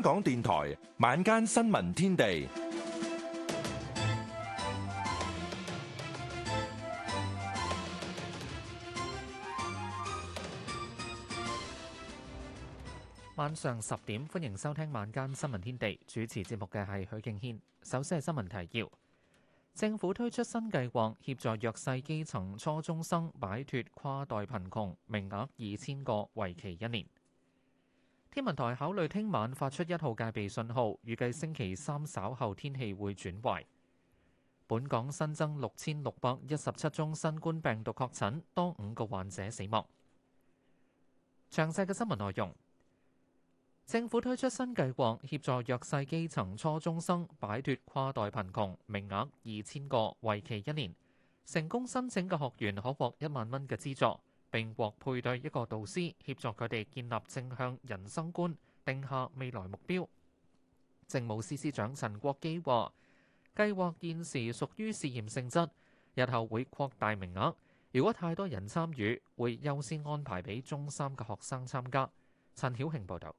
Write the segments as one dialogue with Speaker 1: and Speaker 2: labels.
Speaker 1: 香港電台晚間新聞天地，
Speaker 2: 晚上十點歡迎收聽晚間新聞天地。主持節目嘅係許敬軒。首先係新聞提要：政府推出新計劃，協助弱勢基層初中生擺脱跨代貧窮，名額二千個，為期一年。天文台考慮聽晚發出一號戒備信號，預計星期三稍後天氣會轉壞。本港新增六千六百一十七宗新冠病毒確診，多五個患者死亡。詳細嘅新聞內容，政府推出新計劃，協助弱勢基層初中生擺脱跨代貧窮，名額二千個，為期一年。成功申請嘅學員可獲一萬蚊嘅資助。並獲配對一個導師協助佢哋建立正向人生觀，定下未來目標。政務司司長陳國基話，計劃現時屬於試驗性質，日後會擴大名額。如果太多人參與，會優先安排俾中三嘅學生參加。陳曉慶報導。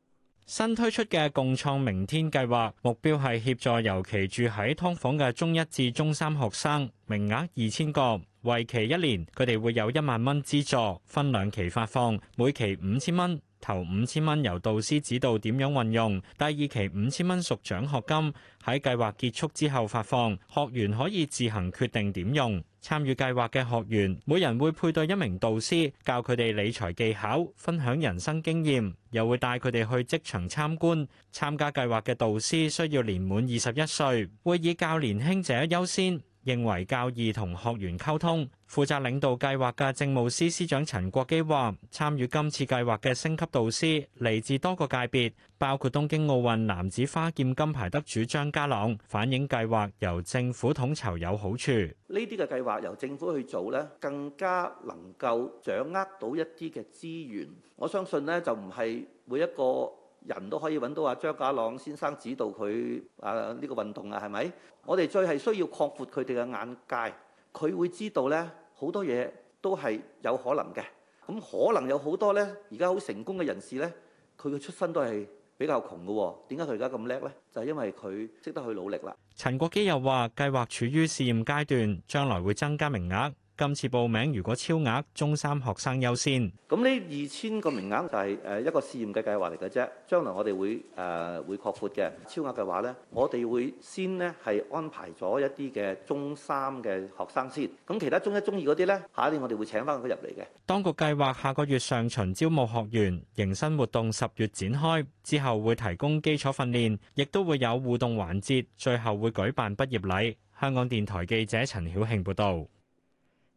Speaker 3: 新推出嘅共創明天計劃目標係協助尤其住喺劏房嘅中一至中三學生，名額二千個。為期一年，佢哋會有一萬蚊資助，分兩期發放，每期五千蚊。頭五千蚊由導師指導點樣運用，第二期五千蚊屬獎學金，喺計劃結束之後發放。學員可以自行決定點用。參與計劃嘅學員，每人會配對一名導師，教佢哋理財技巧，分享人生經驗，又會帶佢哋去職場參觀。參加計劃嘅導師需要年滿二十一歲，會以較年輕者優先，認為較易同學員溝通。負責領導計劃嘅政務司司長陳國基話：參與今次計劃嘅星級導師嚟自多個界別，包括東京奧運男子花劍金牌得主張家朗，反映計劃由政府統籌有好處。
Speaker 4: 呢啲嘅計劃由政府去做咧，更加能夠掌握到一啲嘅資源。我相信咧，就唔係每一個。人都可以揾到阿張家朗先生指導佢啊呢個運動啊，係咪？我哋最係需要擴闊佢哋嘅眼界，佢會知道呢，好多嘢都係有可能嘅。咁可能有好多呢，而家好成功嘅人士呢，佢嘅出身都係比較窮嘅。點解佢而家咁叻呢？就係因為佢識得去努力啦。
Speaker 3: 陳國基又話：計劃處於試驗階段，將來會增加名額。今次報名如果超額，中三學生優先。
Speaker 4: 咁呢二千個名額就係誒一個試驗嘅計劃嚟嘅啫。將來我哋會誒會擴闊嘅。超額嘅話咧，我哋會先咧係安排咗一啲嘅中三嘅學生先。咁其他中一、中二嗰啲咧，下一年我哋會請翻佢入嚟嘅。
Speaker 3: 當局計劃下個月上旬招募學員，迎新活動十月展開，之後會提供基礎訓練，亦都會有互動環節，最後會舉辦畢業禮。香港電台記者陳曉慶報導。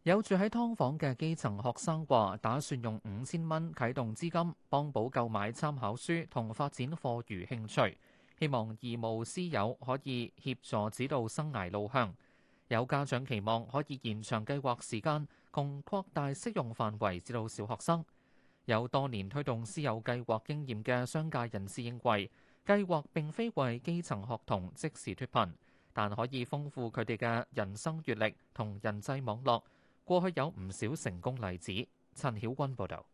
Speaker 2: 有住喺劏房嘅基層學生話，打算用五千蚊啟動資金幫補購買參考書同發展課餘興趣，希望義務師友可以協助指導生涯路向。有家長期望可以延長計劃時間，共擴大適用範圍至到小學生。有多年推動師友計劃經驗嘅商界人士認為，計劃並非為基層學童即時脫貧，但可以豐富佢哋嘅人生閱歷同人際網絡。過去有唔少成功例子。陳曉君報導。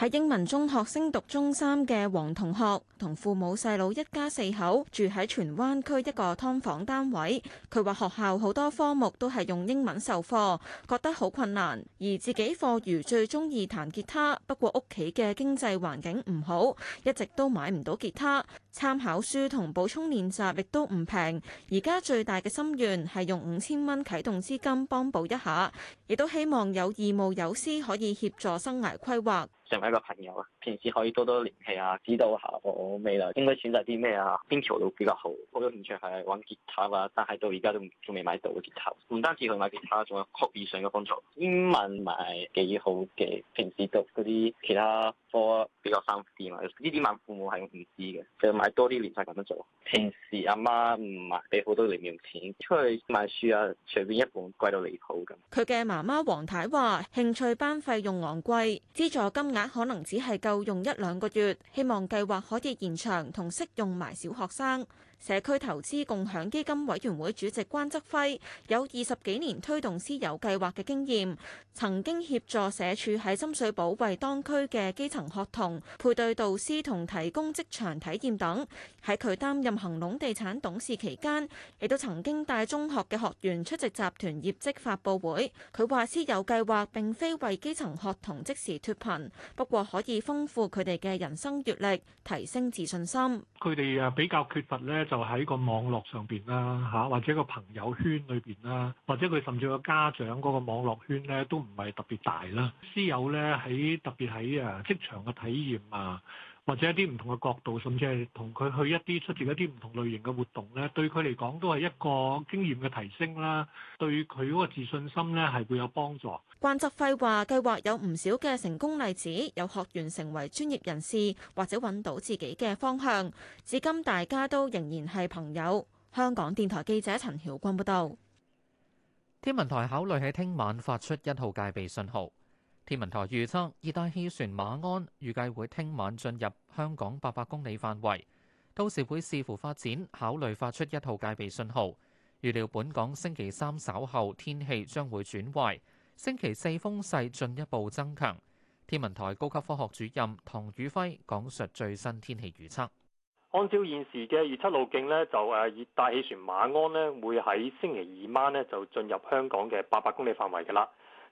Speaker 5: 喺英文中學升讀中三嘅黃同學同父母、細佬，一家四口住喺荃灣區一個劏房單位。佢話學校好多科目都係用英文授課，覺得好困難。而自己課餘最中意彈吉他，不過屋企嘅經濟環境唔好，一直都買唔到吉他。參考書同補充練習亦都唔平。而家最大嘅心願係用五千蚊啟動資金幫補一下，亦都希望有義務有私可以協助生涯規劃。
Speaker 3: 成為一個朋友啊！平時可以多多聯繫啊，指導下我未來應該選擇啲咩啊，邊條路比較好。我興趣係玩吉他啊，但係到而家都仲未買到個吉他。唔單止去買吉他，仲有學業上嘅幫助。英文唔係幾好嘅，平時讀嗰啲其他。我比較貪便嘛。呢啲買父母係唔知嘅，就買多啲年費咁樣做。平時阿媽唔係，俾好多零用錢出去買書啊，隨便一本貴到離譜咁。
Speaker 5: 佢嘅媽媽黃太話：興趣班費用昂貴，資助金額可能只係夠用一兩個月，希望計劃可以延長同適用埋小學生。社區投資共享基金委員會主席關則輝有二十幾年推動私有計劃嘅經驗，曾經協助社署喺深水埗為當區嘅基層學童配對導師同提供職場體驗等。喺佢擔任恆隆地產董事期間，亦都曾經帶中學嘅學員出席集團業績發布會。佢話：私有計劃並非為基層學童即時脱貧，不過可以豐富佢哋嘅人生閲歷，提升自信心。
Speaker 1: 佢哋啊比較缺乏呢。就喺個網絡上邊啦，吓，或者個朋友圈裏邊啦，或者佢甚至個家長嗰個網絡圈咧，都唔係特別大啦。私有咧喺特別喺啊職場嘅體驗啊。或者一啲唔同嘅角度，甚至係同佢去一啲出席一啲唔同類型嘅活動咧，對佢嚟講都係一個經驗嘅提升啦，對佢嗰個自信心咧係會有幫助。關澤
Speaker 5: 輝話：計劃有唔少嘅成功例子，有學員成為專業人士或者揾到自己嘅方向。至今大家都仍然係朋友。香港電台記者陳曉君報導。
Speaker 2: 天文台考慮喺聽晚發出一號戒備信號。天文台預測熱帶氣旋馬鞍預計會聽晚進入香港八百公里範圍，到時會視乎發展，考慮發出一號戒備信號。預料本港星期三稍後天氣將會轉壞，星期四風勢進一步增強。天文台高級科學主任唐宇輝講述最新天氣預測。
Speaker 1: 按照現時嘅預測路徑咧，就誒、呃、熱帶氣旋馬鞍咧會喺星期二晚咧就進入香港嘅八百公里範圍㗎啦。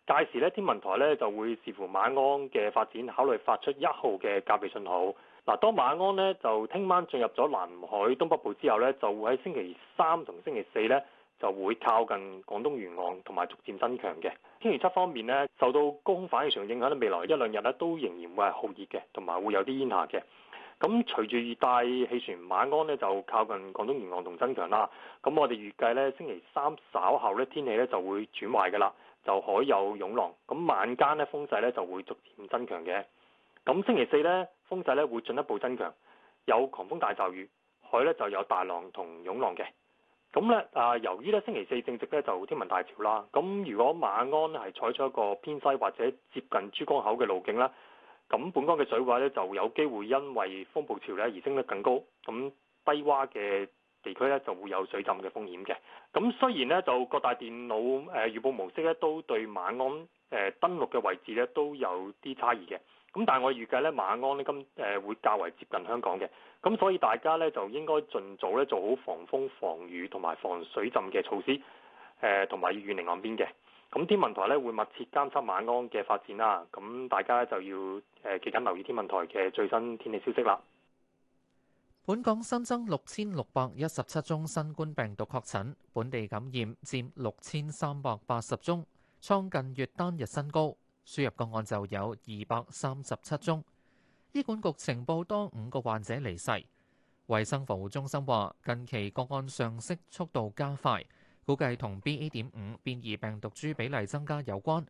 Speaker 1: 屆時咧，天文台咧就會視乎馬鞍嘅發展，考慮發出一號嘅戒備信號。嗱，當馬鞍咧就聽晚進入咗南海東北部之後咧，就會喺星期三同星期四咧就會靠近廣東沿岸，同埋逐漸增強嘅。天氣七方面咧，受到高空反氣旋影響咧，未來一兩日咧都仍然會係酷熱嘅，同埋會有啲煙霞嘅。咁隨住熱帶氣旋馬鞍咧就靠近廣東沿岸同增強啦。咁我哋預計咧，星期三稍後咧天氣咧就會轉壞㗎啦。就海有湧浪，咁晚間風勢呢風勢咧就會逐漸增強嘅。咁星期四呢風勢咧會進一步增強，有狂風大驟雨，海呢就有大浪同湧浪嘅。咁咧啊，由於咧星期四正值咧就天文大潮啦，咁如果馬鞍係採取一個偏西或者接近珠江口嘅路徑啦，咁本港嘅水位咧就有機會因為風暴潮咧而升得更高。咁低窪嘅。地區咧就會有水浸嘅風險嘅。咁雖然呢，就各大電腦誒預報模式咧都對馬鞍誒登陸嘅位置咧都有啲差異嘅。咁但係我預計咧馬鞍咧今誒會較為接近香港嘅。咁所以大家咧就應該盡早咧做好防風、防雨同埋防水浸嘅措施。誒同埋要遠離岸邊嘅。咁天文台咧會密切監測馬鞍嘅發展啦。咁大家就要誒記緊留意天文台嘅最新天氣消息啦。
Speaker 2: 本港新增六千六百一十七宗新冠病毒確診，本地感染佔六千三百八十宗，創近月單日新高。輸入個案就有二百三十七宗。醫管局呈報多五個患者離世。衛生防護中心話近期個案上升速度加快，估計同 BA. 點五變異病毒株比例增加有關。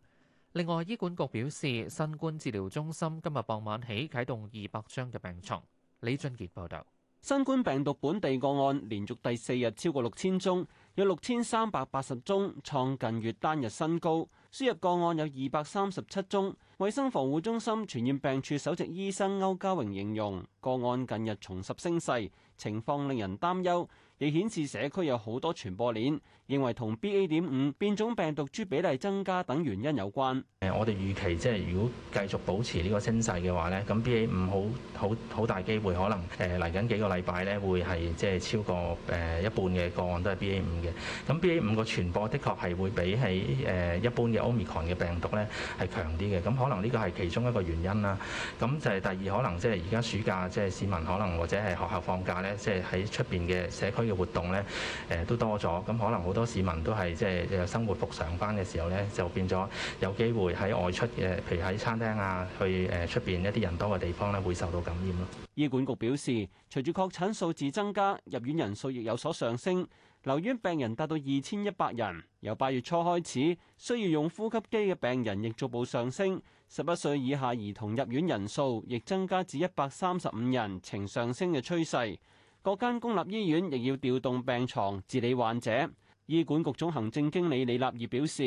Speaker 2: 另外，醫管局表示，新冠治療中心今日傍晚起啟動二百張嘅病床。
Speaker 4: 李俊杰報道。新冠病毒本地個案連續第四日超過六千宗，有六千三百八十宗創近月單日新高，輸入個案有二百三十七宗。衛生防護中心傳染病處首席醫生歐家榮形容，個案近日重拾升勢，情況令人擔憂，亦顯示社區有好多傳播鏈，認為同 B A. 點五變種病毒株比例增加等原因有關。誒，我哋預期即係如果繼續保持呢個聲勢嘅話咧，咁 B A. 五好好好大機
Speaker 3: 會可能誒嚟緊幾個禮拜咧會係即係超過誒一半嘅個案都係 B A. 五嘅。咁 B A. 五嘅傳播的確係會比起誒一般嘅 Omicron 嘅病毒咧係強啲嘅。咁可能呢個係其中一個原因啦。咁就係第二可能即係而家暑假即係、就是、市民可能或者係學校放假咧，即係喺出邊嘅社區。嘅活動咧，誒都多咗，咁可能好多市民都係即係生活復常上班嘅時候咧，就變咗有機會喺外出嘅，譬如喺餐廳啊，去誒出邊一啲人多嘅地方咧，會受到感染咯。
Speaker 4: 醫管局表示，隨住確診數字增加，入院人數亦有所上升，留院病人達到二千一百人。由八月初開始，需要用呼吸機嘅病人亦逐步上升。十一歲以下兒童入院人數亦增加至一百三十五人，呈上升嘅趨勢。各間公立醫院亦要調動病床治理患者。醫管局總行政經理李立業表示，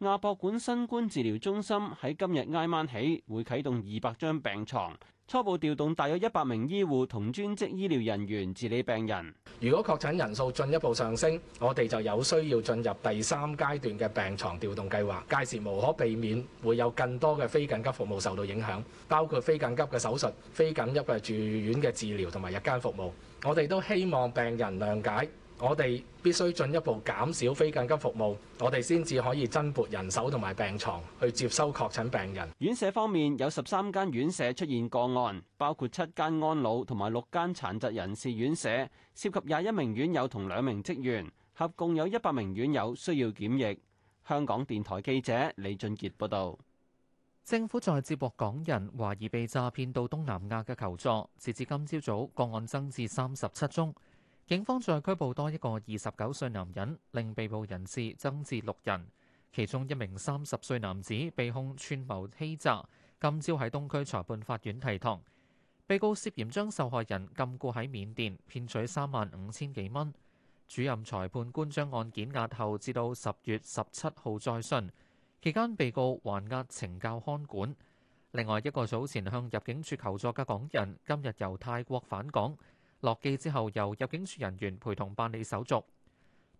Speaker 4: 亞博館新冠治療中心喺今日挨晚起會啟動二百張病床，初步調動大約一百名醫護同專職醫療人員治理病人。如果確診人數進一步上升，我哋就有需要進入第三階段嘅病床調動計劃。屆時無可避免會有
Speaker 2: 更多嘅非緊急服務受到影響，包括非緊急嘅手術、非緊急嘅住院嘅
Speaker 3: 治療同埋日間服務。我哋都希望病人諒解，我哋必須進一步減少非緊急服務，我哋先至可以增撥人手同埋病床去接收確
Speaker 4: 診病人。院舍方面有十三間院舍出現個案，包括七間安老同埋六間殘疾人士院舍，涉及廿一名院友同兩名職員，合共有一百名院友需要檢疫。香港電台記者李俊杰報道。
Speaker 2: 政府在接獲港人懷疑被詐騙到東南亞嘅求助，截至今朝早，早，個案增至三十七宗。警方在拘捕多一個二十九歲男人，令被捕人士增至六人。其中一名三十歲男子被控串謀欺詐，今朝喺東區裁判法院提堂。被告涉嫌將受害人禁錮喺緬甸，騙取三萬五千幾蚊。主任裁判官將案件押後至到十月十七號再訊。期間被告還押，懲教看管。另外一個早前向入境處求助嘅港人，今日由泰國返港，落機之後由入境處人員陪同辦理手續。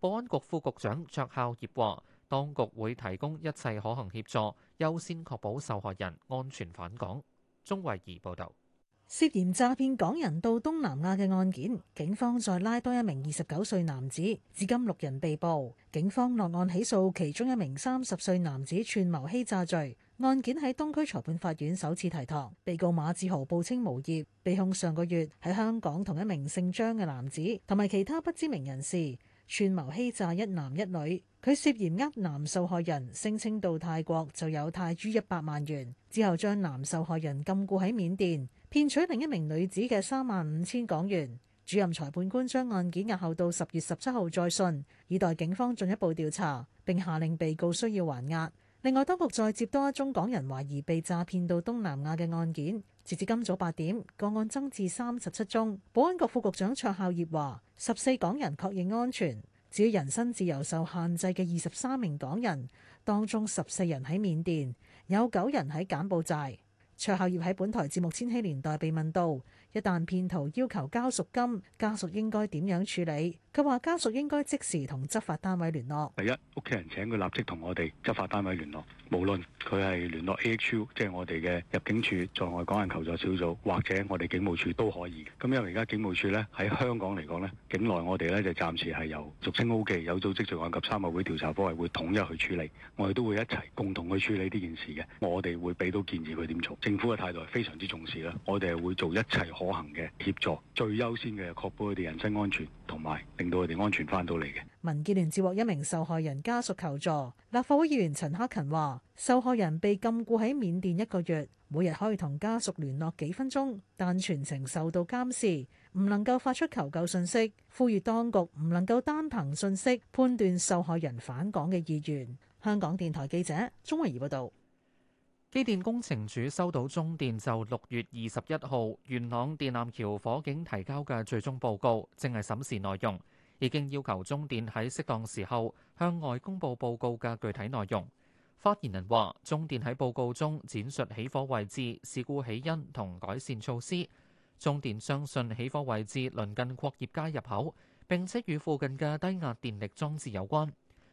Speaker 2: 保安局副局長卓孝業話，當局會提供一切可行協助，優先確保受害人安全返港。鐘慧儀報道。
Speaker 6: 涉嫌詐騙港人到東南亞嘅案件，警方再拉多一名二十九歲男子，至今六人被捕。警方落案起訴其中一名三十歲男子串謀欺詐罪。案件喺東區裁判法院首次提堂，被告馬志豪報稱無業，被控上個月喺香港同一名姓張嘅男子同埋其他不知名人士串謀欺詐一男一女。佢涉嫌呃男受害人聲稱到泰國就有泰銖一百萬元，之後將男受害人禁錮喺緬甸。騙取另一名女子嘅三萬五千港元。主任裁判官將案件押後到十月十七號再訊，以待警方進一步調查，並下令被告需要還押。另外，當局再接多一宗港人懷疑被詐騙到東南亞嘅案件，截至今早八點，個案增至三十七宗。保安局副局長卓孝業話：十四港人確認安全，至於人身自由受限制嘅二十三名港人，當中十四人喺緬甸，有九人喺柬埔寨。卓孝業喺本台節目《千禧年代》被問到，一旦騙徒要求交贖金，家屬應該點樣處理？佢話：家屬應該即時同執法單位聯絡。
Speaker 1: 第一，屋企人請佢立即同我哋執法單位聯絡，無論佢係聯絡 A.H.U.，即係我哋嘅入境處在外港人求助小組，或者我哋警務處都可以。咁因為而家警務處呢喺香港嚟講呢，境內我哋呢就暫時係由俗稱 O 記有組織罪案及三合會調查科係會，會統一去處理，我哋都會一齊共同去處理呢件事嘅。我哋會俾到建議佢點做。政府嘅態度係非常之重視啦，我哋係會做一切。可行嘅協助，最優先嘅確保佢哋人身安全，同埋令到佢哋安全翻到嚟嘅。
Speaker 6: 民建聯接獲一名受害人家屬求助，立法會議員陳克勤話：受害人被禁錮喺緬甸一個月，每日可以同家屬聯絡幾分鐘，但全程受到監視，唔能夠發出求救信息。呼籲當局唔能夠單憑信息判斷受害人返港嘅意願。香港電台記者鍾維怡報道。
Speaker 2: 機電工程署收到中電就六月二十一號元朗電纜橋火警提交嘅最終報告，正係審視內容，已經要求中電喺適當時候向外公布報告嘅具體內容。發言人話，中電喺報告中展述起火位置、事故起因同改善措施。中電相信起火位置鄰近闊業街入口，並且與附近嘅低壓電力裝置有關。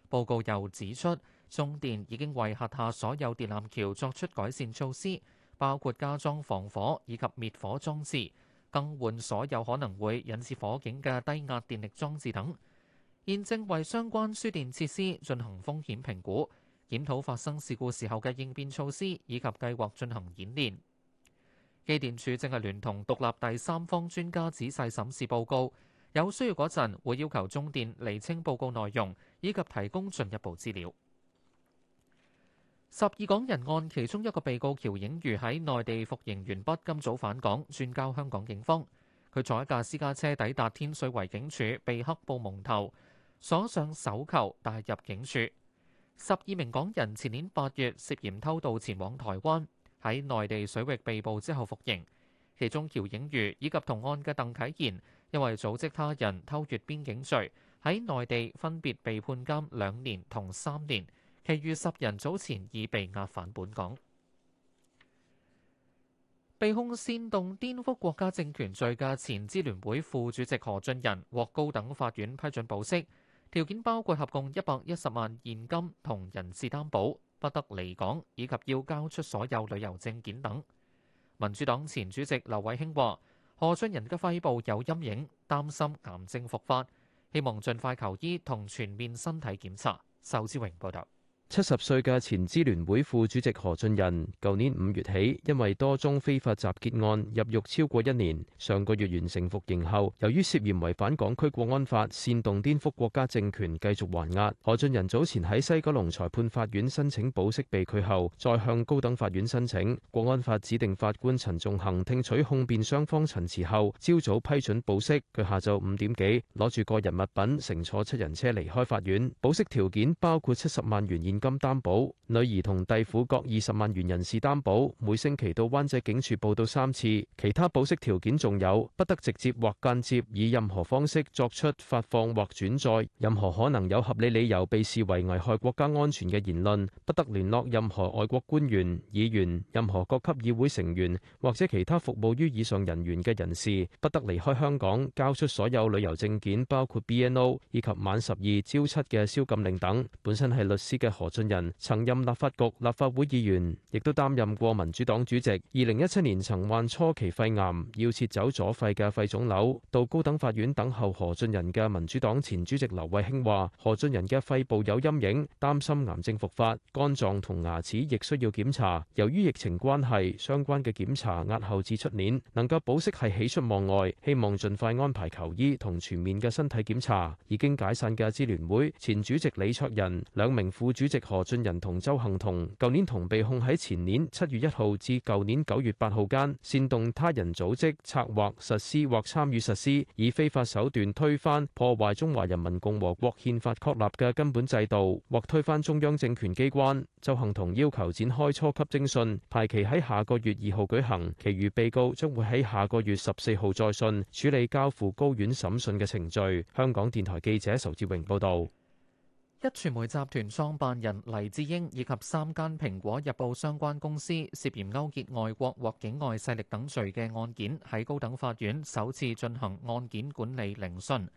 Speaker 2: 報告又指出。中電已經為轄下所有電纜橋作出改善措施，包括加裝防火以及滅火裝置，更換所有可能會引致火警嘅低壓電力裝置等。現正為相關輸電設施進行風險評估，檢討發生事故時候嘅應變措施，以及計劃進行演練。機電署正係聯同獨立第三方專家仔細審視報告，有需要嗰陣會要求中電釐清報告內容，以及提供進一步資料。十二港人案，其中一個被告喬影如喺內地服刑完畢，今早返港，轉交香港警方。佢坐一架私家車抵達天水圍警署，被黑布蒙頭，鎖上手銬帶入警署。十二名港人前年八月涉嫌偷渡前往台灣，喺內地水域被捕之後服刑。其中喬影如以及同案嘅鄧啟賢，因為組織他人偷越邊境罪，喺內地分別被判監兩年同三年。其餘十人早前已被押返本港。被控煽動顛覆國家政權罪嘅前支聯會副主席何俊仁獲高等法院批准保釋，條件包括合共一百一十萬現金同人事擔保，不得離港，以及要交出所有旅遊證件等。民主黨前主席劉偉興話：何俊仁嘅肺部有陰影，擔心癌症復發，希望盡快求醫同全面身體檢查。仇志榮報道。
Speaker 7: 七十歲嘅前支聯會副主席何俊仁，舊年五月起因為多宗非法集結案入獄超過一年，上個月完成服刑後，由於涉嫌違反港區國安法，煽動顛覆國家政權，繼續還押。何俊仁早前喺西九龍裁判法院申請保釋被拒後，再向高等法院申請。國安法指定法官陳仲恒聽取控辯雙方陳詞後，朝早批准保釋。佢下晝五點幾攞住個人物品，乘坐七人車離開法院。保釋條件包括七十萬元現金擔保，女兒同弟婦各二十萬元人士擔保，每星期到灣仔警署報到三次。其他保釋條件仲有：不得直接或間接以任何方式作出發放或轉載任何可能有合理理由被視為危害國家安全嘅言論；不得聯絡任何外國官員、議員、任何各級議會成員或者其他服務於以上人員嘅人士；不得離開香港，交出所有旅遊證件，包括 BNO 以及晚十二朝七嘅宵禁令等。本身係律師嘅何何俊仁曾任立法局立法會議員，亦都擔任過民主黨主席。二零一七年曾患初期肺癌，要切走左肺嘅肺腫瘤，到高等法院等候何俊仁嘅民主黨前主席劉慧卿話：何俊仁嘅肺部有陰影，擔心癌症復發，肝臟同牙齒亦需要檢查。由於疫情關係，相關嘅檢查押後至出年。能夠保釋係喜出望外，希望盡快安排求醫同全面嘅身體檢查。已經解散嘅支聯會前主席李卓人兩名副主席。何俊仁同周幸彤，舊年同被控喺前年七月一號至舊年九月八號間，煽動他人組織策劃、實施或參與實施，以非法手段推翻、破壞中華人民共和國憲法確立嘅根本制度，或推翻中央政權機關。周幸彤要求展開初級偵訊，排期喺下個月二號舉行，其餘被告將會喺下個月十四號再訊處理，交付高院審訊嘅程序。香港電台記者仇志榮報道。
Speaker 2: 一傳媒集團創辦人黎智英以及三間蘋果日報相關公司涉嫌勾結外國或境外勢力等罪嘅案件，喺高等法院首次進行案件管理聆訊。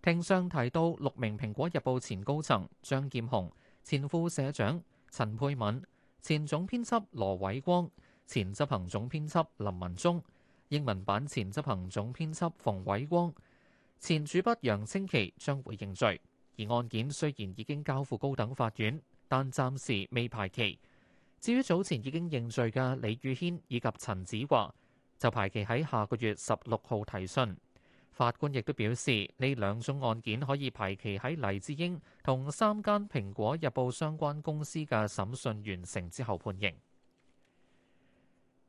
Speaker 2: 庭上提到六名蘋果日報前高層張劍虹、前副社長陳佩敏、前總編輯羅偉光、前執行總編輯林文忠、英文版前執行總編輯馮偉光、前主筆楊清奇將會認罪。而案件雖然已經交付高等法院，但暫時未排期。至於早前已經認罪嘅李宇軒以及陳梓華，就排期喺下個月十六號提訊。法官亦都表示，呢兩宗案件可以排期喺黎智英同三間蘋果日報相關公司嘅審訊完成之後判刑。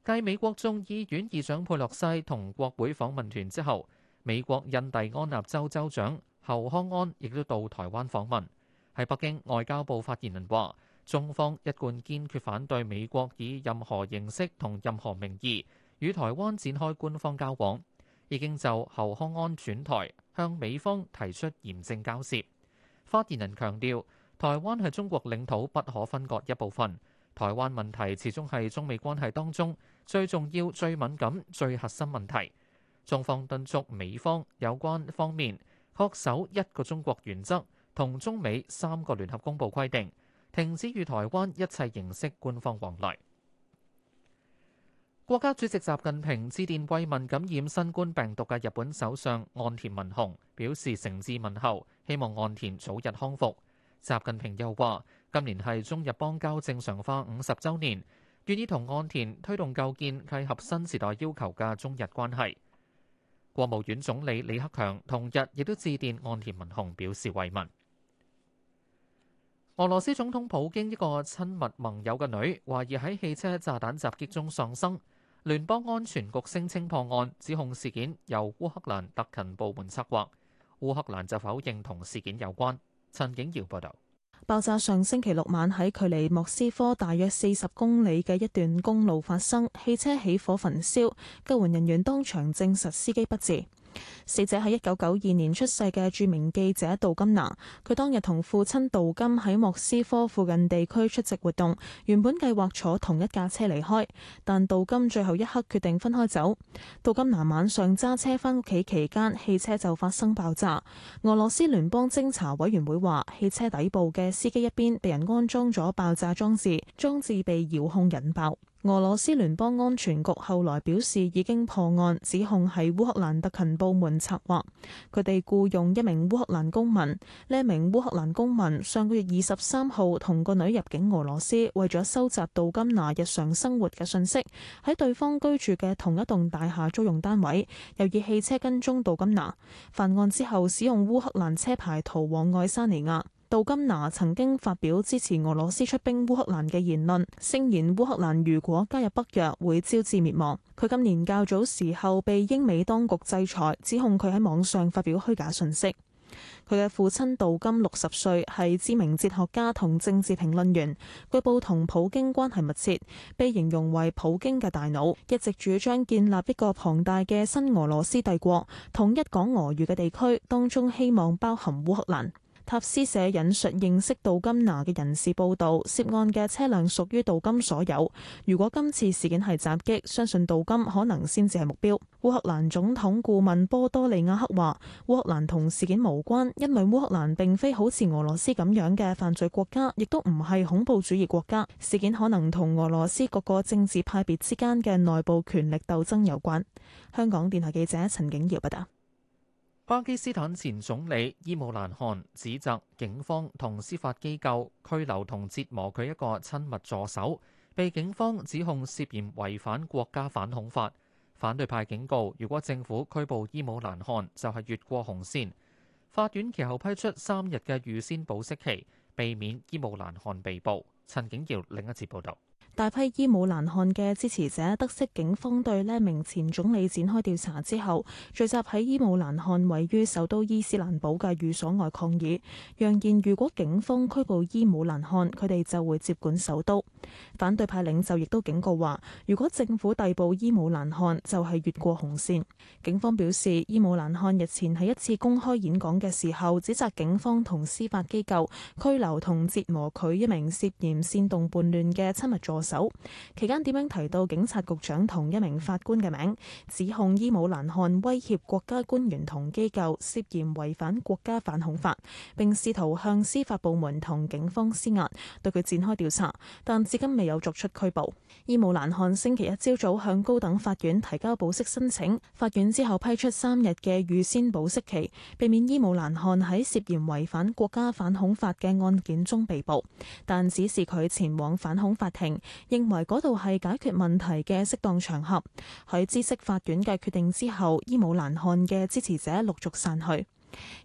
Speaker 2: 繼、嗯、美國眾議院議長佩洛西同國會訪問團之後，美國印第安納州州長。侯康安亦都到台灣訪問，喺北京，外交部發言人話，中方一貫堅決反對美國以任何形式同任何名義與台灣展開官方交往，已經就侯康安轉台向美方提出嚴正交涉。發言人強調台灣係中國領土不可分割一部分，台灣問題始終係中美關係當中最重要、最敏感、最核心問題，中方敦促美方有關方面。恪守一個中國原則，同中美三個聯合公布規定，停止與台灣一切形式官方往來。國家主席習近平致電慰問感染新冠病毒嘅日本首相岸田文雄，表示誠摯問候，希望岸田早日康復。習近平又話今年係中日邦交正常化五十周年，願意同岸田推動構建契合新時代要求嘅中日關係。國務院總理李克強同日亦都致電岸田文雄，表示慰問。俄羅斯總統普京一個親密盟友嘅女，懷疑喺汽車炸彈襲擊中喪生。聯邦安全局聲稱破案，指控事件由烏克蘭特勤部門策劃，烏克蘭就否認同事件有關。陳景瑤報道。
Speaker 8: 爆炸上星期六晚喺距離莫斯科大約四十公里嘅一段公路發生，汽車起火焚燒，救援人員當場證實司機不治。死者喺一九九二年出世嘅著名記者杜金娜，佢當日同父親杜金喺莫斯科附近地區出席活動，原本計劃坐同一架車離開，但杜金最後一刻決定分開走。杜金娜晚上揸車翻屋企期間，汽車就發生爆炸。俄羅斯聯邦偵查委員會話，汽車底部嘅司機一邊被人安裝咗爆炸裝置，裝置被遙控引爆。俄羅斯聯邦安全局後來表示已經破案，指控係烏克蘭特勤部門策劃。佢哋僱用一名烏克蘭公民，呢名烏克蘭公民上個月二十三號同個女入境俄羅斯，為咗收集杜金娜日常生活嘅信息，喺對方居住嘅同一棟大廈租用單位，又以汽車跟蹤杜金娜。犯案之後，使用烏克蘭車牌逃往愛沙尼亞。杜金娜曾經發表支持俄羅斯出兵烏克蘭嘅言論，聲言烏克蘭如果加入北約會招致滅亡。佢今年較早時候被英美當局制裁，指控佢喺網上發表虛假信息。佢嘅父親杜金六十歲，係知名哲學家同政治評論員，據報同普京關係密切，被形容為普京嘅大腦，一直主張建立一個龐大嘅新俄羅斯帝國，統一講俄語嘅地區，當中希望包含烏克蘭。塔斯社引述認識杜金娜嘅人士報道，涉案嘅車輛屬於杜金所有。如果今次事件係襲擊，相信杜金可能先至係目標。烏克蘭總統顧問波多利亞克話：烏克蘭同事件無關，因為烏克蘭並非好似俄羅斯咁樣嘅犯罪國家，亦都唔係恐怖主義國家。事件可能同俄羅斯各個政治派別之間嘅內部權力鬥爭有關。香港電台記者陳景堯報道。
Speaker 2: 巴基斯坦前總理伊姆蘭汗指責警方同司法機構拘留同折磨佢一個親密助手，被警方指控涉嫌違反國家反恐法。反對派警告，如果政府拘捕伊姆蘭汗，就係越過紅線。法院其後批出三日嘅預先保釋期，避免伊姆蘭汗被捕。陳景瑤另一節報道。
Speaker 8: 大批伊姆蘭汗嘅支持者得悉警方對呢名前總理展開調查之後聚集喺伊姆蘭汗位於首都伊斯蘭堡嘅寓所外抗議，揚言如果警方拘捕伊姆蘭汗，佢哋就會接管首都。反對派領袖亦都警告話，如果政府逮捕伊姆蘭汗，就係、是、越過紅線，警方表示，伊姆蘭汗日前喺一次公開演講嘅時候，指責警方同司法機構拘留同折磨佢一名涉嫌煽動叛亂嘅親密助手。走期間點樣提到警察局長同一名法官嘅名，指控伊姆蘭漢威脅國家官員同機構涉嫌違反國家反恐法，並試圖向司法部門同警方施壓對佢展開調查，但至今未有作出拘捕。伊姆蘭漢星期一朝早向高等法院提交保釋申請，法院之後批出三日嘅預先保釋期，避免伊姆蘭漢喺涉嫌違反國家反恐法嘅案件中被捕，但指示佢前往反恐法庭。認為嗰度係解決問題嘅適當場合。喺知識法院嘅決定之後，伊姆蘭漢嘅支持者陸續散去。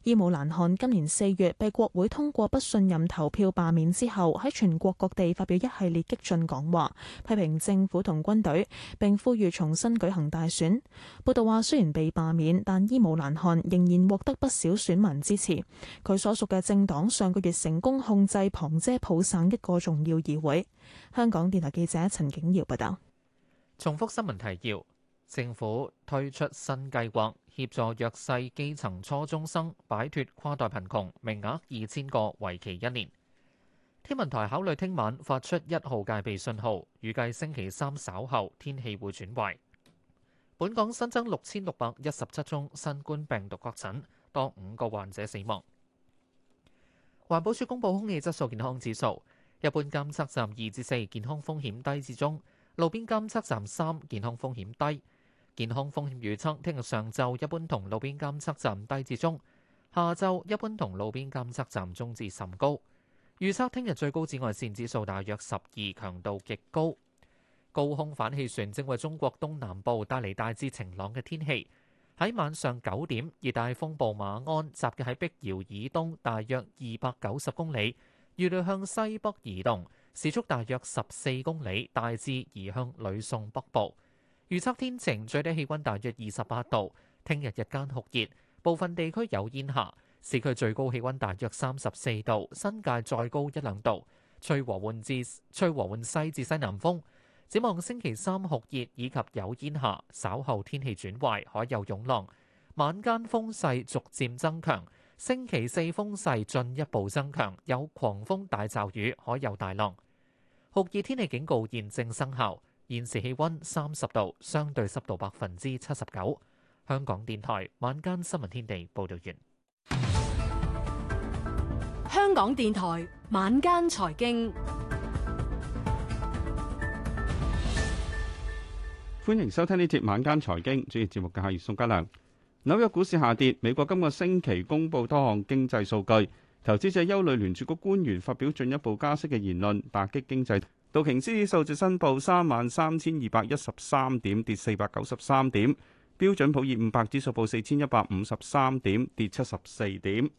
Speaker 8: 伊姆蘭汗今年四月被國會通過不信任投票罷免之後，喺全國各地發表一系列激進講話，批評政府同軍隊，並呼籲重新舉行大選。報道話，雖然被罷免，但伊姆蘭汗仍然獲得不少選民支持。佢所屬嘅政黨上個月成功控制旁遮普省一個重要議會。香港電台記者陳景瑤報道。
Speaker 2: 重複新聞提要：政府推出新計劃。協助弱勢基層初中生擺脱跨代貧窮，名額二千個，為期一年。天文台考慮聽晚發出一號戒備信號，預計星期三稍後天氣會轉壞。本港新增六千六百一十七宗新冠病毒確診，多五個患者死亡。環保署公布空氣質素健康指數，一般監測站二至四，健康風險低至中；路邊監測站三，健康風險低。健康風險預測：聽日上晝一般同路邊監測站低至中，下晝一般同路邊監測站中至甚高。預測聽日最高紫外線指數大約十二，強度極高。高空反氣旋正為中國東南部帶嚟大致晴朗嘅天氣。喺晚上九點，熱帶風暴馬鞍集結喺碧瑤以東大約二百九十公里，預料向西北移動，時速大約十四公里，大致移向呂宋北部。預測天晴，最低氣溫大約二十八度。聽日日間酷熱，部分地區有煙霞。市區最高氣溫大約三十四度，新界再高一兩度。吹和緩至吹和緩西至西南風。展望星期三酷熱以及有煙霞，稍後天氣轉壞，海有湧浪。晚間風勢逐漸增強，星期四風勢進一步增強，有狂風大驟雨，海有大浪。酷熱天氣警告現正生效。現時氣溫三十度，相對濕度百分之七十九。香港電台晚間新聞天地報道完。
Speaker 9: 香港
Speaker 6: 電台晚間財經，
Speaker 10: 歡迎收聽呢節晚間財經。主持節目嘅係宋家良。紐約股市下跌，美國今個星期公布多項經濟數據，投資者憂慮聯儲局官員發表進一步加息嘅言論，打擊經濟。道瓊斯指數值申報三萬三千二百一十三點，跌四百九十三點；標準普爾五百指數報四千一百五十三點，跌七十四點。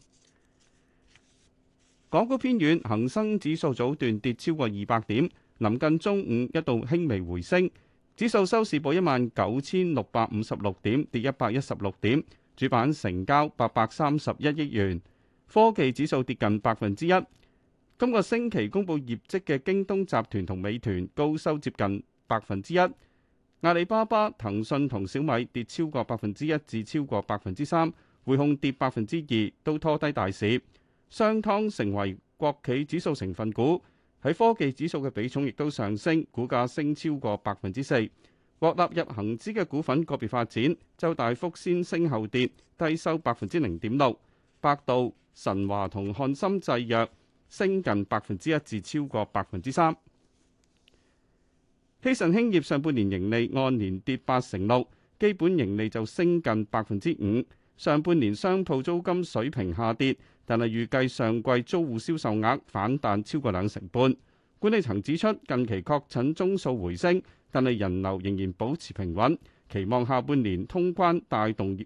Speaker 10: 港股偏軟，恒生指數早段跌超過二百點，臨近中午一度輕微回升，指數收市報一萬九千六百五十六點，跌一百一十六點。主板成交八百三十一億元，科技指數跌近百分之一。今個星期公佈業績嘅京東集團同美團高收接近百分之一，阿里巴巴、騰訊同小米跌超過百分之一至超過百分之三，匯控跌百分之二，都拖低大市。商湯成為國企指數成分股，喺科技指數嘅比重亦都上升，股價升超過百分之四。獲納入恆指嘅股份個別發展就大幅先升後跌，低收百分之零點六。百度、神華同漢森製藥升近百分之一至超過百分之三。希慎興業上半年盈利按年跌八成六，基本盈利就升近百分之五。上半年商鋪租金水平下跌，但係預計上季租戶銷售額反彈超過兩成半。管理層指出，近期確診宗數回升，但係人流仍然保持平穩，期望下半年通關帶動，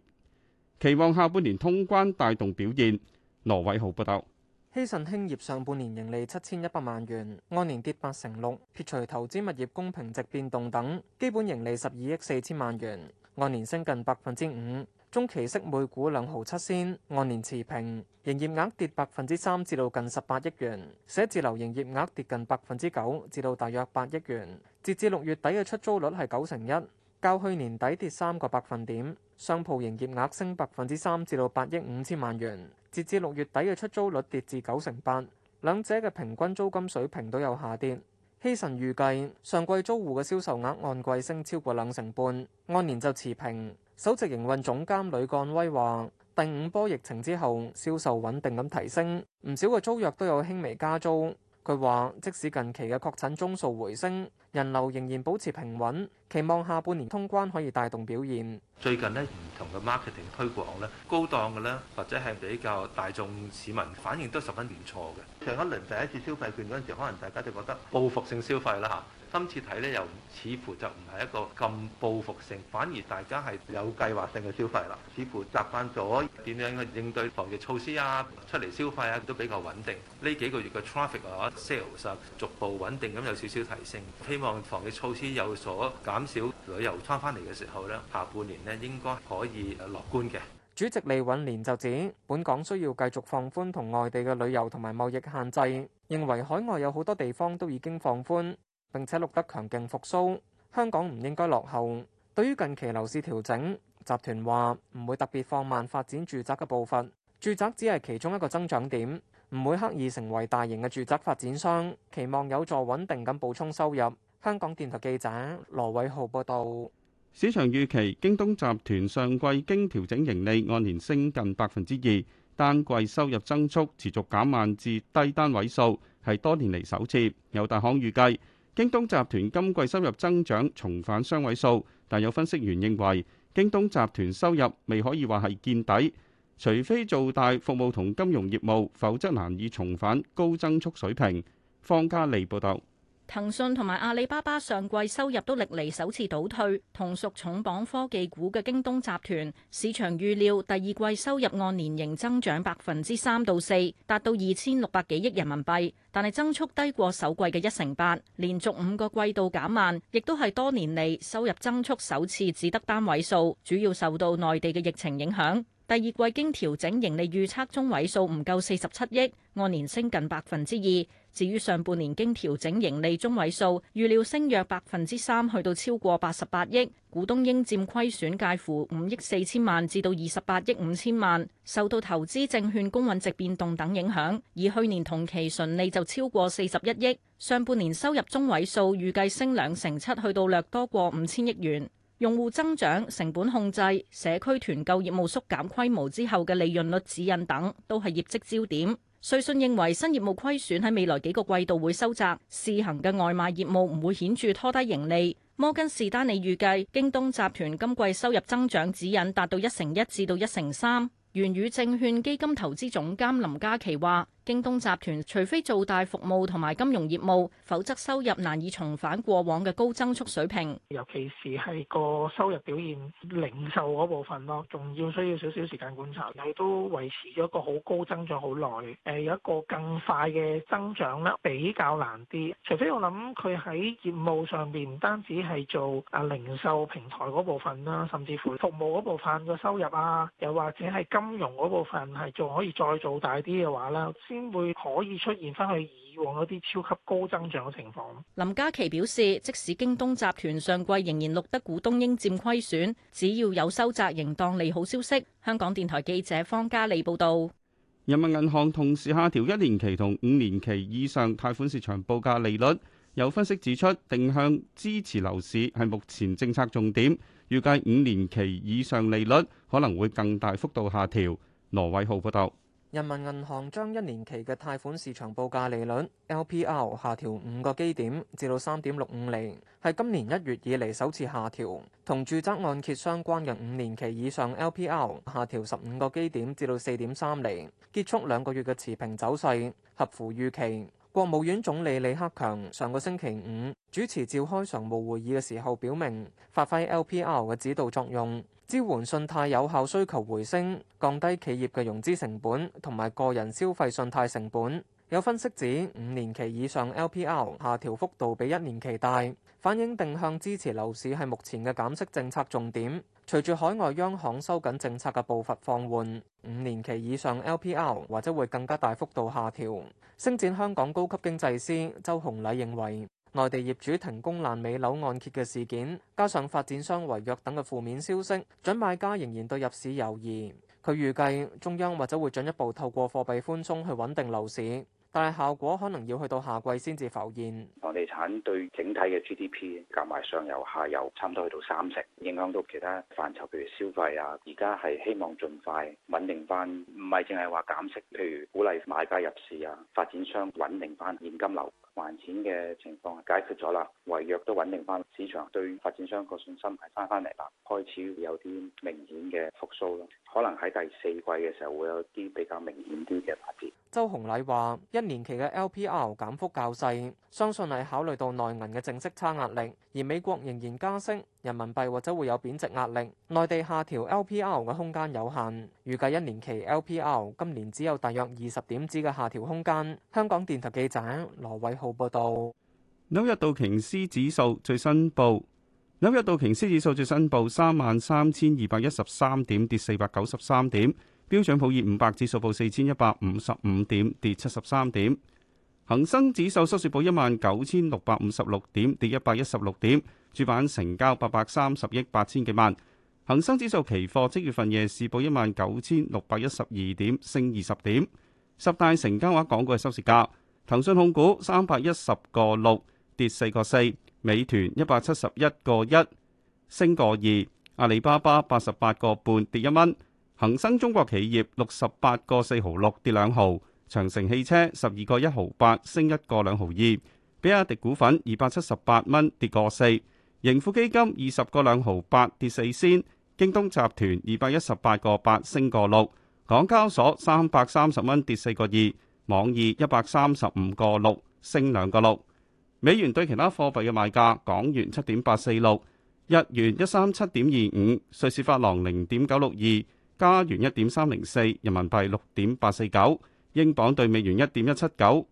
Speaker 10: 期望下半年通關帶動表現。羅偉豪報道。
Speaker 11: 希慎興業上半年盈利七千一百萬元，按年跌八成六，撇除投資物業公平值變動等，基本盈利十二億四千萬元，按年升近百分之五。中期息每股兩毫七仙，按年持平。營業額跌百分之三，至到近十八億元。寫字樓營業額跌近百分之九，至到大約八億元。截至六月底嘅出租率係九成一。較去年底跌三個百分點，商鋪營業額，額升百分之三，至到八億五千萬元。截至六月底嘅出租率跌至九成八，兩者嘅平均租金水平都有下跌。希慎預計上季租戶嘅銷售額按季升超過兩成半，按年就持平。首席營運總監呂幹威話：第五波疫情之後，銷售穩定咁提升，唔少嘅租約都有輕微加租。佢話：即使近期嘅確診宗數回升，人流仍然保持平穩，期望下半年通關可以帶動表現。
Speaker 1: 最近呢唔同嘅 marketing 推廣咧，高檔嘅咧，或者係比較大眾市民反應都十分唔錯嘅。上一輪第一次消費券嗰陣時，可能大家就覺得報復性消費啦嚇。今次睇咧，又似乎就唔係一個咁報復性，反而大家係有計劃性嘅消費啦。似乎習慣咗點樣去應對防疫措施啊，出嚟消費啊，都比較穩定。呢幾個月嘅 traffic 或者 sales 逐步穩定，咁有少少提升。希望防疫措施有所減少，旅遊翻翻嚟嘅時候呢，下半年呢應該可以樂觀嘅。
Speaker 11: 主席李允憲就指，本港需要繼續放寬同外地嘅旅遊同埋貿易限制，認為海外有好多地方都已經放寬。並且錄得強勁復甦，香港唔應該落後。對於近期樓市調整，集團話唔會特別放慢發展住宅嘅步伐，住宅只係其中一個增長點，唔會刻意成為大型嘅住宅發展商。期望有助穩定咁補充收入。香港電台記者羅偉浩報道。
Speaker 10: 市場預期，京東集團上季經調整盈利按年升近百分之二，單季收入增速持續減慢至低單位數，係多年嚟首次。有大行預計，京東集團今季收入增長重返雙位數，但有分析員認為，京東集團收入未可以話係見底，除非做大服務同金融業務，否則難以重返高增速水平。方家利報道。
Speaker 9: 騰訊同埋阿里巴巴上季收入都歷嚟首次倒退，同屬重磅科技股嘅京東集團，市場預料第二季收入按年仍增長百分之三到四，達到二千六百幾億人民幣，但係增速低過首季嘅一成八，連續五個季度減慢，亦都係多年嚟收入增速首次只得單位數，主要受到內地嘅疫情影響。第二季經調整盈利預測中位數唔夠四十七億，按年升近百分之二。至於上半年經調整盈利中位數預料升約百分之三，去到超過八十八億，股東應佔虧損介乎五億四千萬至到二十八億五千萬。受到投資證券公允值變動等影響，而去年同期純利就超過四十一億。上半年收入中位數預計升兩成七，去到略多過五千億元。用戶增長、成本控制、社區團購業務縮減規模之後嘅利潤率指引等，都係業績焦點。瑞信認為新業務虧損喺未來幾個季度會收窄，試行嘅外賣業務唔會顯著拖低盈利。摩根士丹利預計京東集團今季收入增長指引達到一成一至到一成三。元宇證券基金投資總監林嘉琪話。京東集團除非做大服務同埋金融業務，否則收入難以重返過往嘅高增速水平。
Speaker 1: 尤其是係個收入表現，零售嗰部分咯，仲要需要少少時間觀察。但都維持咗個好高增長好耐。誒，有一個更快嘅增長啦，比較難啲。除非我諗佢喺業務上面唔單止係做啊零售平台嗰部分啦，甚至乎服務嗰部分嘅收入啊，又或者係金融嗰部分係仲可以再做大啲嘅話啦。先會可以出
Speaker 9: 現翻去以往嗰啲超級高增長嘅情況。林嘉琪表示，即使京東集團上季仍然錄得股東應佔虧損，只要有收窄仍當利好消息。香港電台記者方嘉利報導。
Speaker 10: 人民銀行同時下調一年期同五年期以上貸款市場報價利率。有分析指出，定向支持樓市係目前政策重點，預計五年期以上利率可能會更大幅度下調。羅偉浩報道。
Speaker 11: 人民銀行將一年期嘅貸款市場報價利率 LPR 下調五個基點至到三點六五厘，係今年一月以嚟首次下調。同住宅按揭相關嘅五年期以上 LPR 下調十五個基點至到四點三厘，結束兩個月嘅持平走勢，合乎預期。國務院總理李克強上個星期五主持召開常務會議嘅時候，表明發揮 LPR 嘅指導作用。支援信貸有效需求回升，降低企業嘅融資成本同埋個人消費信貸成本。有分析指五年期以上 LPR 下調幅度比一年期大，反映定向支持樓市係目前嘅減息政策重點。隨住海外央行收緊政策嘅步伐放緩，五年期以上 LPR 或者會更加大幅度下調。升展香港高級經濟師周紅禮認為。內地業主停工爛尾樓按揭嘅事件，加上發展商違約等嘅負面消息，準買家仍然對入市猶疑。佢預計中央或者會進一步透過貨幣寬鬆去穩定樓市，但係效果可能要去到夏季先至浮現。
Speaker 10: 房地產對整體嘅 GDP，夾埋上游下游，差唔多去到三成，影響到其他範疇，譬如消費啊。而家係希望盡快穩定翻，唔係淨係話減息，譬如鼓勵買家入市啊，發展商穩定翻現金流。還錢嘅情況解決咗啦，違約都穩定返，市場對發展商個信心係返返嚟啦，開始有啲明顯嘅復甦啦。可能喺第四季嘅
Speaker 11: 時候會有啲比較明顯啲嘅下跌。周鴻禮話，一年期嘅 LPR 減幅較細，相信係考慮到內銀嘅淨息差壓力，而美國仍然加息，人民幣或者會有貶值壓力。內地下調 LPR 嘅空間有限，預計一年期 LPR 今年只有大約二十點子嘅下調空間。香港電台記者羅偉浩報道。
Speaker 10: 紐約道瓊斯指數最新報。紐約道瓊斯指數最新報三萬三千二百一十三點，跌四百九十三點；標準普爾五百指數報四千一百五十五點，跌七十三點；恒生指數收市報一萬九千六百五十六點，跌一百一十六點。主板成交八百三十億八千幾萬。恒生指數期貨即月份夜市報一萬九千六百一十二點，升二十點。十大成交額港股嘅收市價：騰訊控股三百一十個六，跌四個四。美團一百七十一個一升個二，阿里巴巴八十八個半跌一蚊，恒生中國企業六十八個四毫六跌兩毫，長城汽車十二個一毫八升一個兩毫二，比亞迪股份二百七十八蚊跌個四，盈富基金二十個兩毫八跌四仙，京東集團二百一十八個八升個六，港交所三百三十蚊跌四個二，網易一百三十五個六升兩個六。美元對其他貨幣嘅賣價：港元七點八四六，日元一三七點二五，瑞士法郎零點九六二，加元一點三零四，人民幣六點八四九，英鎊對美元一點一七九，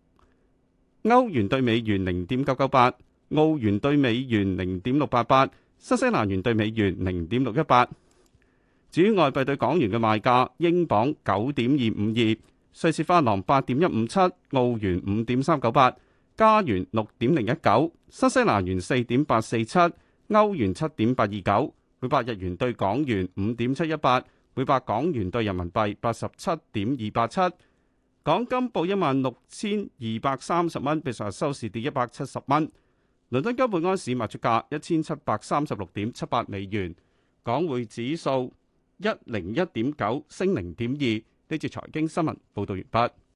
Speaker 10: 歐元對美元零點九九八，澳元對美元零點六八八，新西蘭元對美元零點六一八。至於外幣對港元嘅賣價：英鎊九點二五二，瑞士法郎八點一五七，澳元五點三九八。加元六點零一九，09，新西蘭元四點八四七，歐元七點八二九，每百日元對港元五點七一八，每百港元對人民幣八十七點二八七。港金報一萬六千二百三十蚊，比上日收市跌一百七十蚊。倫敦金每安士賣出價一千七百三十六點七八美元。港匯指數一零一點九升零點二。呢節財經新聞報道完畢。